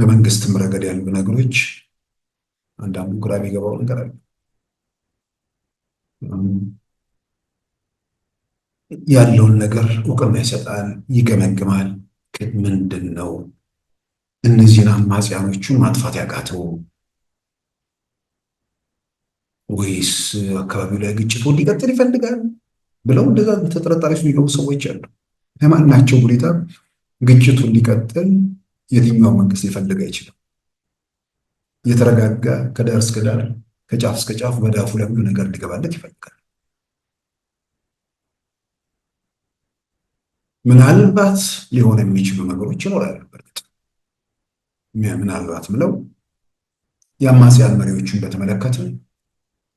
በመንግስትም ረገድ ያሉ ነገሮች አንዳንዱ ግራ የሚገባው ነገር አለ። ያለውን ነገር እውቅና ይሰጣል፣ ይገመግማል። ግን ምንድን ነው እነዚህን አማጽያኖቹን ማጥፋት ያቃተው ወይስ አካባቢው ላይ ግጭቱ እንዲቀጥል ይፈልጋል ብለው እንደዛ ተጠረጣሪዎች የሚገቡ ሰዎች አሉ። ለማናቸው ሁኔታ ግጭቱ እንዲቀጥል የትኛው መንግስት ሊፈልግ አይችልም። የተረጋጋ ከዳር እስከ ዳር ከጫፍ እስከ ጫፍ በዳፉ ለሁሉ ነገር ሊገባለት ይፈልጋል። ምናልባት ሊሆን የሚችሉ ነገሮች ይኖራሉ። በእርግጥ ምናልባት ምለው የአማጽያን መሪዎችን በተመለከተ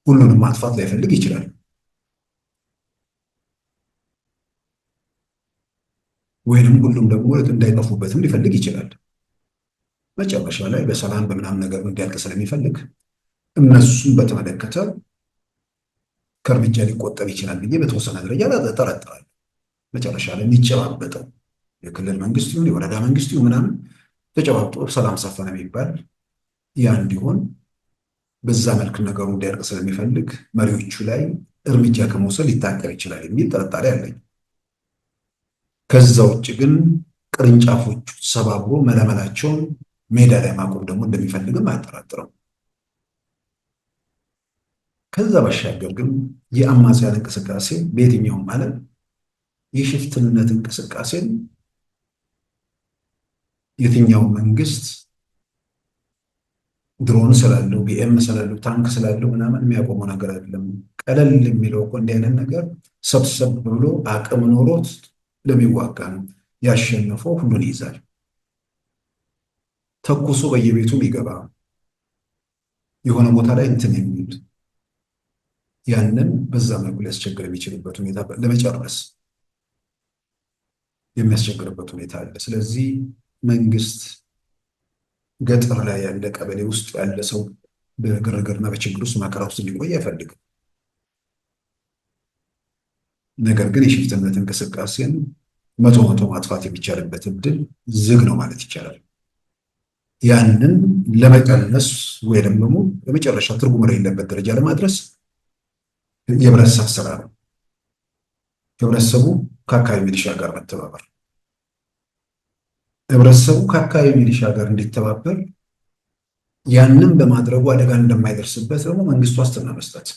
ሁሉንም ማጥፋት ላይፈልግ ይችላል። ወይንም ሁሉም ደግሞ እንዳይጠፉበትም ሊፈልግ ይችላል። መጨረሻ ላይ በሰላም በምናምን ነገር እንዲያልቅ ስለሚፈልግ እነሱን በተመለከተ ከእርምጃ ሊቆጠብ ይችላል ብዬ በተወሰነ ደረጃ ጠረጥራል። መጨረሻ ላይ የሚጨባበጠው የክልል መንግስት ይሁን የወረዳ መንግስት ይሁን ምናምን ተጨባብጦ ሰላም ሰፈነ የሚባል ያ እንዲሆን በዛ መልክ ነገሩ እንዲያልቅ ስለሚፈልግ መሪዎቹ ላይ እርምጃ ከመውሰድ ሊታቀብ ይችላል የሚል ጥርጣሬ አለኝ። ከዛ ውጭ ግን ቅርንጫፎቹ ሰባብሮ መለመላቸውን ሜዳ ላይ ማቆም ደግሞ እንደሚፈልግም አያጠራጥረው። ከዛ ባሻገር ግን የአማጽያን እንቅስቃሴ በየትኛውም ዓለም የሽፍትነት እንቅስቃሴን የትኛው መንግስት ድሮን ስላለው ቢኤም ስላለው ታንክ ስላለው ምናምን የሚያቆመው ነገር አይደለም። ቀለል የሚለው እኮ እንዲህ አይነት ነገር ሰብሰብ ብሎ አቅም ኖሮት ለሚዋጋ ነው። ያሸነፈው ሁሉን ይይዛል። ተኩሶ በየቤቱ የሚገባ የሆነ ቦታ ላይ እንትን የሚሉት ያንን በዛ መልኩ ሊያስቸግር የሚችልበት ሁኔታ ለመጨረስ የሚያስቸግርበት ሁኔታ አለ። ስለዚህ መንግስት ገጠር ላይ ያለ ቀበሌ ውስጥ ያለ ሰው በግርግርና በችግር ውስጥ መከራ ውስጥ እንዲቆይ አይፈልግም። ነገር ግን የሽፍትነት እንቅስቃሴን መቶ መቶ ማጥፋት የሚቻልበት እድል ዝግ ነው ማለት ይቻላል። ያንን ለመቀነስ ወይ ደግሞ ለመጨረሻ ትርጉም የሌለበት ደረጃ ለማድረስ የህብረተሰብ ስራ ነው። ህብረተሰቡ ከአካባቢ ሚሊሻ ጋር መተባበር፣ ህብረተሰቡ ከአካባቢ ሚሊሻ ጋር እንዲተባበር ያንን በማድረጉ አደጋ እንደማይደርስበት ደግሞ መንግስቱ ዋስትና መስጠት